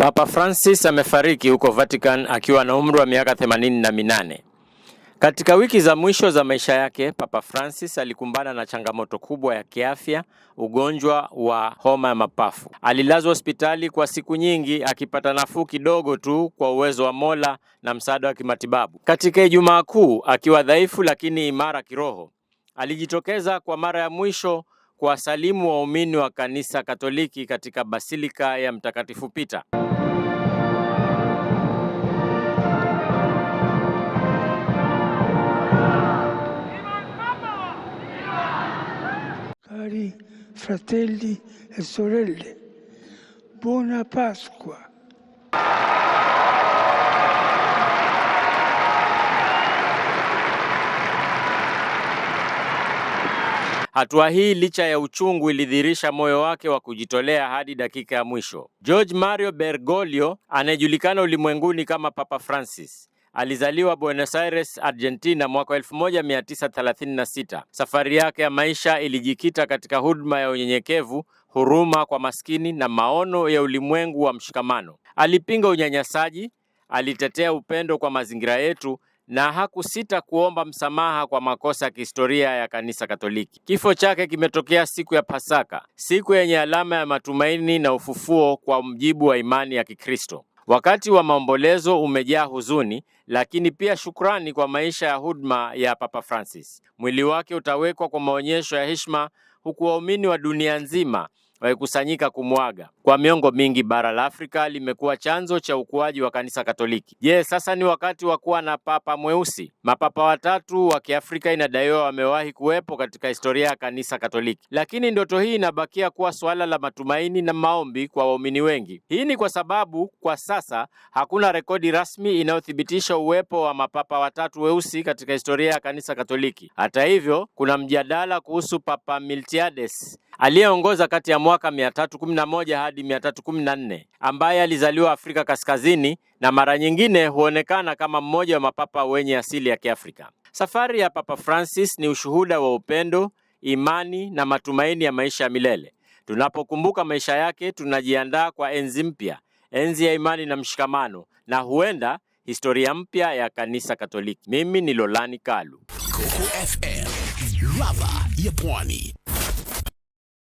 Papa Francis amefariki huko Vatican akiwa na umri wa miaka 88. na minane. Katika wiki za mwisho za maisha yake, Papa Francis alikumbana na changamoto kubwa ya kiafya, ugonjwa wa homa ya mapafu. Alilazwa hospitali kwa siku nyingi akipata nafuu kidogo tu kwa uwezo wa Mola na msaada wa kimatibabu. Katika Ijumaa Kuu, akiwa dhaifu lakini imara kiroho, alijitokeza kwa mara ya mwisho kuwasalimu waumini wa Kanisa Katoliki katika Basilika ya Mtakatifu Pita. cari fratelli e sorelle, buona Pasqua. Hatua hii licha ya uchungu ilidhihirisha moyo wake wa kujitolea hadi dakika ya mwisho. George Mario Bergoglio anayejulikana ulimwenguni kama Papa Francis Alizaliwa Buenos Aires, Argentina mwaka 1936. Safari yake ya maisha ilijikita katika huduma ya unyenyekevu, huruma kwa maskini na maono ya ulimwengu wa mshikamano. Alipinga unyanyasaji, alitetea upendo kwa mazingira yetu na hakusita kuomba msamaha kwa makosa ya kihistoria ya Kanisa Katoliki. Kifo chake kimetokea siku ya Pasaka, siku yenye alama ya matumaini na ufufuo kwa mjibu wa imani ya Kikristo. Wakati wa maombolezo umejaa huzuni, lakini pia shukrani kwa maisha ya huduma ya Papa Francis. Mwili wake utawekwa kwa maonyesho ya heshima, huku waumini wa dunia nzima wamekusanyika kumwaga. Kwa miongo mingi bara la Afrika limekuwa chanzo cha ukuaji wa kanisa Katoliki. Je, sasa ni wakati wa kuwa na papa mweusi? Mapapa watatu wa Kiafrika inadaiwa wamewahi kuwepo katika historia ya kanisa Katoliki, lakini ndoto hii inabakia kuwa suala la matumaini na maombi kwa waumini wengi. Hii ni kwa sababu kwa sasa hakuna rekodi rasmi inayothibitisha uwepo wa mapapa watatu weusi katika historia ya kanisa Katoliki. Hata hivyo, kuna mjadala kuhusu Papa Miltiades aliyeongoza kati ya mwaka 311 hadi 314 ambaye alizaliwa Afrika Kaskazini na mara nyingine huonekana kama mmoja wa mapapa wenye asili ya Kiafrika. Safari ya Papa Francis ni ushuhuda wa upendo, imani na matumaini ya maisha ya milele. Tunapokumbuka maisha yake, tunajiandaa kwa enzi mpya, enzi ya imani na mshikamano, na huenda historia mpya ya Kanisa Katoliki. Mimi ni Lolani Kalu, Coco FM, ladha ya Pwani.